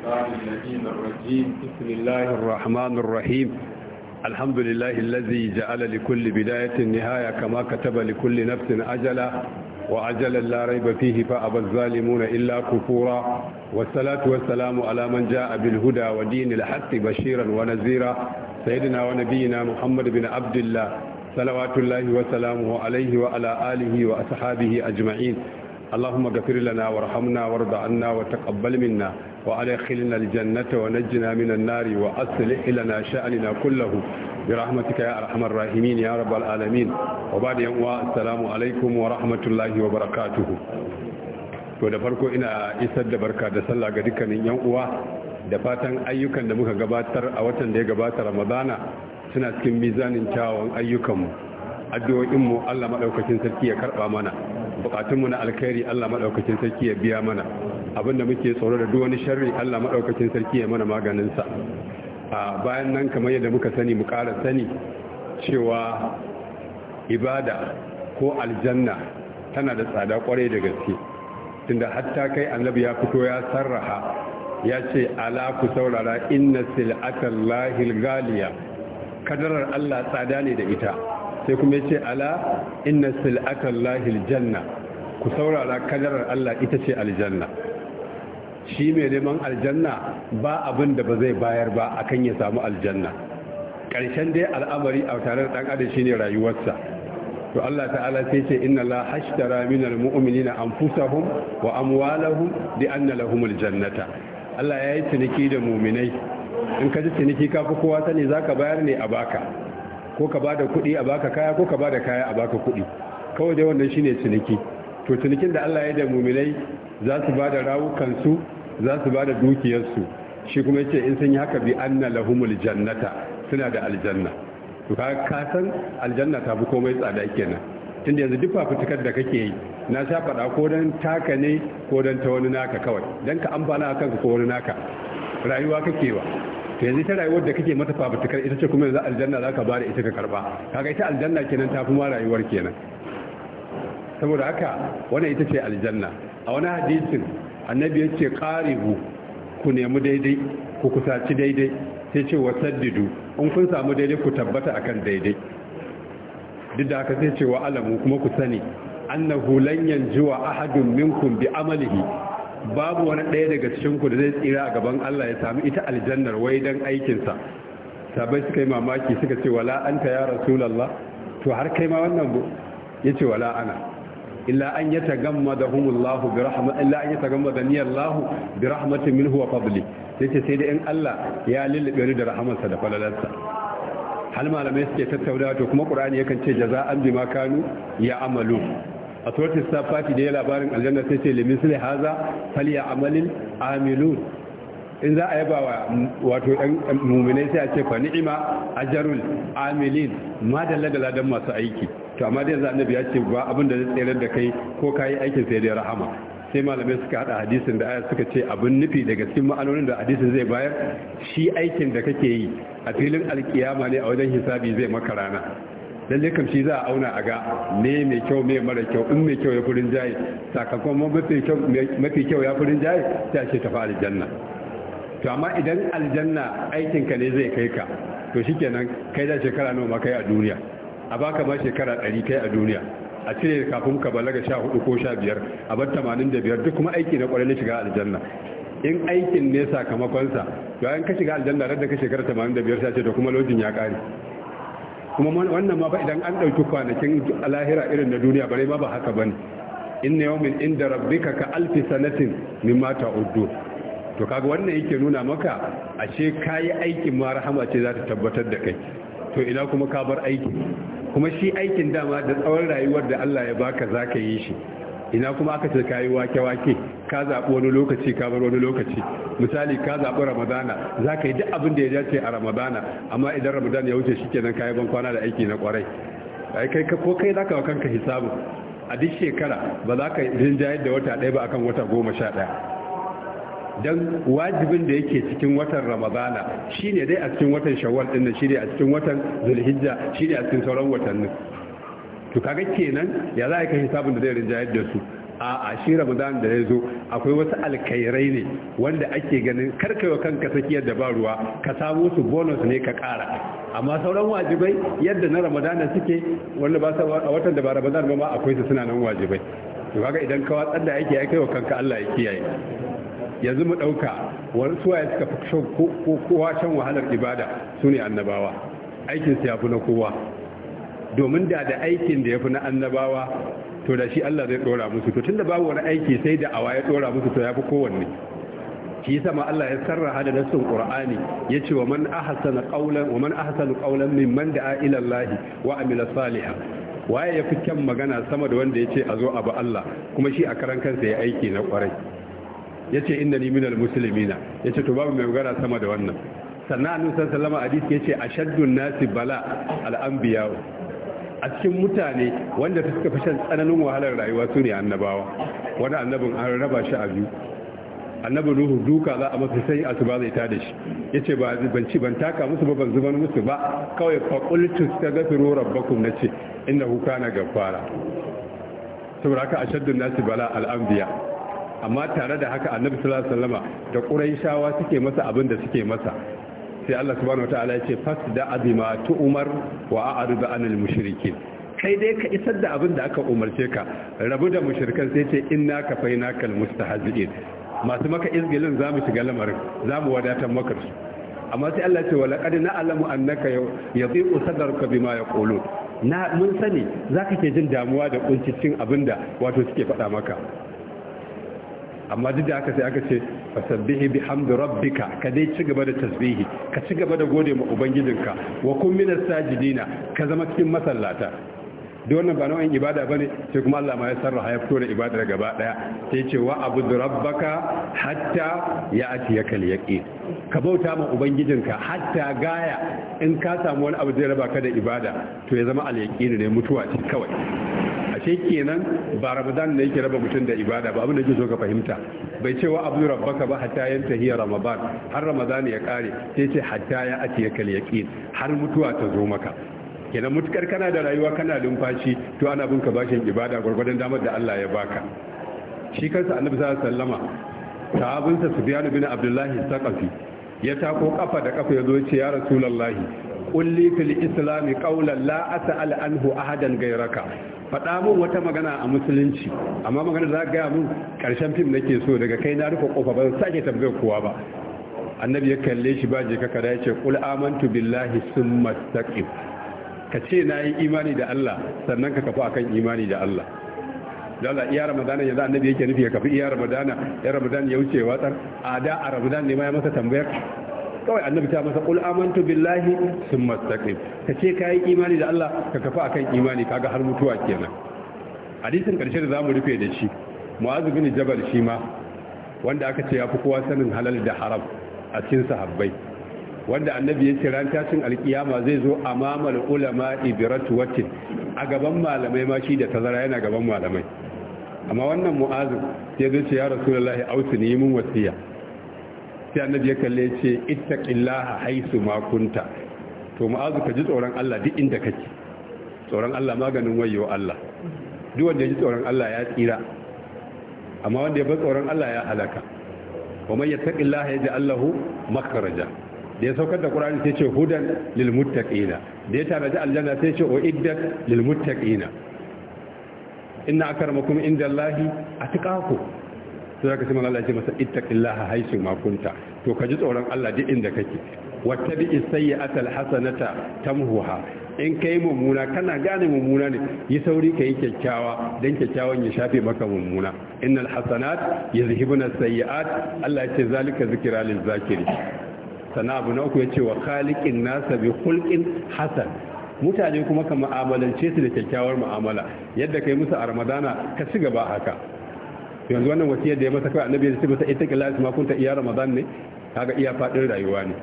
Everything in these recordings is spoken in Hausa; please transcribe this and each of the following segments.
الشيطان اللجين الرجيم بسم الله الرحمن الرحيم الحمد لله الذي جعل لكل بداية نهاية كما كتب لكل نفس أجلا وأجلا لا ريب فيه فأبى الظالمون إلا كفورا والصلاة والسلام على من جاء بالهدى ودين الحق بشيرا ونذيرا سيدنا ونبينا محمد بن عبد الله صلوات الله وسلامه عليه وعلى آله وأصحابه أجمعين اللهم اغفر لنا وارحمنا وارض عنا وتقبل منا وأدخلنا الجنة ونجنا من النار وأصلح لنا شأننا كله برحمتك يا أرحم الراحمين يا رب العالمين وبعد يوم السلام عليكم ورحمة الله وبركاته to da farko ina isar da barka da sallah ga dukkanin yan uwa da fatan ayyukan da muka gabatar a watan da ya gabata ramadana suna cikin mizanin kyawun ayyukanmu addu'o'inmu allah maɗaukacin sarki ya karɓa mana bukatunmu na alkhairi Allah madaukakin sarki ya biya mana abinda muke tsoro da duk wani sharri Allah madaukakin sarki ya mana maganin sa a bayan nan kamar yadda muka sani mu ƙara sani cewa ibada ko aljanna tana da tsada kwarai da gaske tunda hatta kai annabi ya fito ya sarraha ya ce ala ku saurara inna sil'atallahi galiya kadarar Allah tsada ne da ita sai kuma ya ce ala inna sil'atan lahil janna ku saurara kadarar Allah ita ce aljanna shi mai neman aljanna ba abin da ba zai bayar ba akan ya samu aljanna ƙarshen dai al'amari a tare da ɗan shine rayuwarsa to Allah ta'ala sai ce inna la hashtara minal mu'minina anfusahum wa amwalahum bi anna lahum aljannata Allah ya yi ciniki da muminai in ka ji ciniki ka fi kowa sani zaka bayar ne a baka ko ka bada kuɗi a baka kaya ko ka bada kaya a baka kuɗi kawai dai wannan shine ciniki to cinikin da Allah ya da muminai za su bada rawukansu za su bada dukiyarsu shi kuma yace in sun yi haka bi anna lahumul jannata suna da aljanna to ka san aljanna ta fi komai tsada kenan tunda yanzu duk fafutukar da kake yi na sha faɗa ko don taka ne ko don ta wani naka kawai don ka amfana a kanka ko wani naka rayuwa kake wa yanzu ta rayuwar da kake mata fafutukar ita ce kuma yanzu aljanna za ka bada ita ka karba kaga ita aljanna kenan ta fi ma rayuwar kenan saboda haka wani ita ce aljanna a wani hadisin annabi ya ce qaribu ku nemi daidai ku kusaci daidai sai ce wa saddidu in kun samu daidai ku tabbata akan daidai duk da haka sai ce wa alamu kuma ku sani annahu lan yanjuwa ahadun minkum bi amalihi babu wani ɗaya daga cikin ku da zai tsira a gaban Allah ya sami ita aljannar wai dan aikinsa sabai suka yi mamaki suka ce wala anta ya rasulullah to har kai ma wannan bu ce wala ana illa an humullahu bi rahmat illa an yatagammadani Allah bi rahmatin minhu wa fadli yace sai da in Allah ya lullube ni da rahamarsa da falalarsa hal malamai suke tattaunawa to kuma qur'ani yakan ce jaza'an bima kanu ya amalu a suratul safati da ya labarin aljanna sai ce limisli haza falya amalin amilun in za a yaba wa wato ɗan muminai sai a ce fa ni'ima ajarul amilin ma da don masu aiki to amma dai yanzu nabi ya ce ba abin da zai tsere da kai ko ka yi aikin sai dai rahama sai malamai suka haɗa hadisin da aya suka ce abin nufi daga cikin ma'anonin da hadisin zai bayar shi aikin da kake yi a filin alkiyama ne a wajen hisabi zai maka rana lalle kam shi za a auna a ga me mai kyau me mara kyau in mai kyau ya furin jaye sakamakon mafi kyau ya furin jaye sai a ce tafi aljanna to amma idan aljanna aikinka ne zai kai ka to shikenan kai da shekara nawa kai a duniya a baka ma shekara 100 kai a duniya a cire kafin ka balaga 14 ko 15 a bar 85 duk kuma aiki na kwarai na shiga aljanna in aikin ne sakamakonsa to an ka shiga aljanna da ka shekara 85 sai ce to kuma lojin ya kare kuma wannan ma ba idan an ɗauki kwanakin lahira irin na duniya bare ma ba haka bane inna yawmin inda rabbika ka alfi sanatin mimma ta'uddu to kaga wannan yake nuna maka ashe kayi aikin ma rahama ce za ta tabbatar da kai to ina kuma ka bar aiki kuma shi aikin dama da tsawon rayuwar da Allah ya baka zaka yi shi ina kuma aka ce kayi wake wake ka zaɓi wani lokaci ka bar wani lokaci misali ka zaɓi ramadana za ka yi duk abin da ya dace a ramadana amma idan ramadana ya wuce shikenan ka yi ban kwana da aiki na kwarai ai kai ka ko kai zaka wa kanka hisabu a duk shekara ba za ka rinjayar da wata ɗaya ba akan wata goma sha ɗaya don wajibin da yake cikin watan ramadana shine dai a cikin watan shawwal din nan shine a cikin watan zulhijja shine a cikin sauran watannin to kaga kenan ya za ka hisabin da zai rinjayar da su a'a shi ramadan da ya zo akwai wasu alkairai ne wanda ake ganin karkaiwa kanka tsakiyar da ba ruwa ka samu su bonus ne ka kara amma sauran wajibai yadda na ramadana suke wanda ba a watan da ba ramadan ba ma akwai su suna nan wajibai to kaga idan ka watsar da ake ya kanka Allah ya kiyaye yanzu mu dauka wani suwaye suka fi kowa shan wahalar ibada su ne annabawa aikinsu ya fi na kowa domin da da aikin da ya fi na annabawa to da shi Allah zai dora musu to tunda babu wani aiki sai da awa ya dora musu to ya fi kowanne shi yasa ma Allah ya sarraha da nassin Qur'ani yace wa man ahsana qawlan wa man ahsana qawlan mimman da'a ila Allah wa amila salihan waye yafi kyan magana sama da wanda yace a zo abu Allah kuma shi a karan kansa ya aiki na kwarai yace innani minal muslimina yace to babu mai magana sama da wannan sannan annabi sallallahu alaihi wasallam hadisi yace ashaddun nasi bala al anbiya a cikin mutane wanda suka fi shan tsananin wahalar rayuwa su ne annabawa wani annabin an raba shi a biyu Annabin ruhu duka za a masu sai asuba zai da shi yace ba ban ci ban taka musu ba ban zubar musu ba kawai ta fa qultu na ce ina huka na gafara saboda haka a shaddun nasu bala al'ambiya. amma tare da haka annabi sallallahu alaihi wasallama da quraishawa suke masa abin da suke masa sai Allah subhanahu wataala ya ce fasda azima tu umar wa a'rid anil mushrikin kai dai ka isar da abin da aka umarce ka rabu da mushrikan sai ce inna faina kal mustahzi'in masu maka izgilin za mu shiga lamarin za mu wadatar maka su amma sai Allah ce wala qad na'lamu annaka yadhiqu sadruka bima yaqulun na mun sani zaka ke jin damuwa da kuncin abinda wato suke faɗa maka amma duk da aka sai aka ce fasabbihi bihamdi rabbika ka dai ci gaba da tasbihi ka ci gaba da gode ma ubangijinka wa kun minas sajidina ka zama cikin masallata duk wannan ba nau'in ibada bane sai kuma Allah ma ya sarrafa ya fito da ibadar gaba daya sai ce wa abudu rabbaka hatta ya ati ya kal ka bauta ma ubangijinka hatta gaya in ka samu wani abu zai raba ka da ibada to ya zama al yaqin ne mutuwa ce kawai ashe kenan ba ramadan ne yake raba mutum da ibada ba abin da yake so ka fahimta bai cewa abdu rabbaka ba hatta yanta hiya ramadan har ramadan ya kare sai ce hatta ya atiya kal yaqin har mutuwa ta zo maka kenan mutukar kana da rayuwa kana lumfashi to ana bin ka bashin ibada gwargwadon damar da Allah ya baka shi kansa annabi sallallahu alaihi wasallama sahabinsa sufyan bin abdullahi saqafi ya tako kafa da kafa ya zo ce ya rasulallahi kulli fil islami qawlan la as'al anhu ahadan gairaka faɗa mun wata magana a musulunci amma magana za ga mun karshen fim nake so daga kai na rufe kofa ban sake tambayar kowa ba annabi ya kalle shi ba je ka kada ya qul amantu billahi summa taqim ka ce nayi imani da Allah sannan ka kafa akan imani da Allah dala iya ramadana yanzu annabi yake nufi ya kafi iya ramadana ya ramadana ya wuce watsar a da a ramadana ne ma ya masa tambayar kawai annabi ta masa kul amantu billahi thumma ka ce kai imani da Allah ka kafa akan imani kaga har mutuwa kenan hadisin karshe da zamu rufe da shi mu'azu bin jabal shi ma wanda aka ce ya fi kowa sanin halal da haram a cikin sahabbai wanda annabi ya ce ran tashin alkiyama zai zo a amamal ulama ibiratu watin a gaban malamai ma shi da tazara yana gaban malamai amma wannan mu'azin ya zai ce ya rasu da lahi ausu ne mun wasiya sai annabi ya kalle ce ittaqillaha haisu makunta. to mu'azu ka ji tsoron Allah duk inda kake tsoron Allah maganin wayo Allah duk wanda ya ji tsoron Allah ya tsira amma wanda ya bar tsoron Allah ya halaka wa man ya ji lahu makaraja da ya saukar da ƙura'ani sai ce hudan lilmuttaƙina da ya tanaji aljanna sai ce uiddat lil muttaqina inna akramakum indallahi atqakum sai zaka ce Allah ya ce masa ittaqillaha haythu ma kunta to ka ji tsoron Allah duk inda kake wattabi sayyi'atal hasanata tamhuha in kai mummuna kana gane mummuna ne yi sauri kai kyakkyawa dan kyakkyawan ya shafe maka mummuna innal hasanat yuzhibuna sayyi'at Allah ya ce zalika zikra lil zakirin sana abu na uku ya ce wa khaliqin nasa bi khulqin hasan mutane kuma ka mu'amalance su da kyakkyawar ma'amala. yadda ka kai musu a ramadana ka ci gaba haka yanzu wannan wasiyar da ya masa kai annabi ya ce masa ita kila ma makunta iya ramadan ne kaga iya fadin rayuwa ne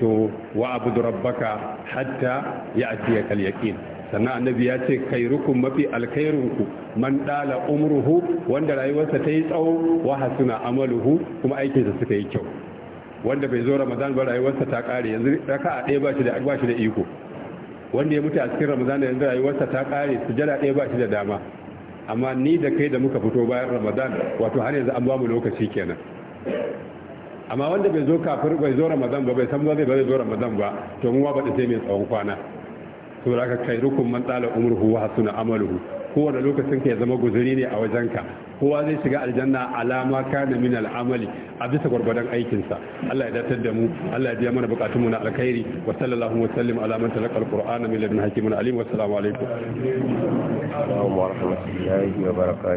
so wa abudu rabbaka hatta ya'tiya kal yaqin sannan annabi ya ce khairukum mafi alkhairunku man dala umruhu wanda rayuwarsa ta yi tsawo wa hasuna amaluhu kuma aikinsa suka yi kyau wanda bai zo ramadan ba rayuwarsa ta kare yanzu raka'a ɗaya ba shi da iko wanda ya mutu a cikin ramadan da yanzu rayuwarsa ta kare sujada ɗaya ba shi da dama amma ni da kai da muka fito bayan ramadan wato har yanzu an ba mu lokaci kenan amma wanda bai zo kafin bai zo ramadan ba bai san ba zai zo ramadan ba to mu ba sai mai tsawon kwana da aka kai rukun man tsala umruhu wa hasuna amaluhu kowane lokacin ka ya zama guzuri ne a wajenka kowa zai shiga aljanna alama kana min al'amali a bisa gwargwadon aikinsa Allah ya datar da mu Allah ya biya mana bukatun mu na alkhairi wa sallallahu wa sallim ala man talaqa alqur'ana min ladun hakimin alim wa assalamu alaikum wa rahmatullahi wa barakatuh